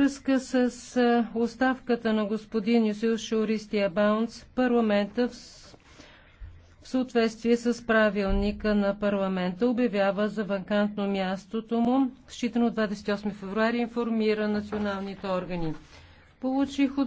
връзка с оставката на господин Юсил Шуристия Баунс, парламента в в съответствие с правилника на парламента обявява за вакантно мястото му, считано 28 февруари, информира националните органи. Получих от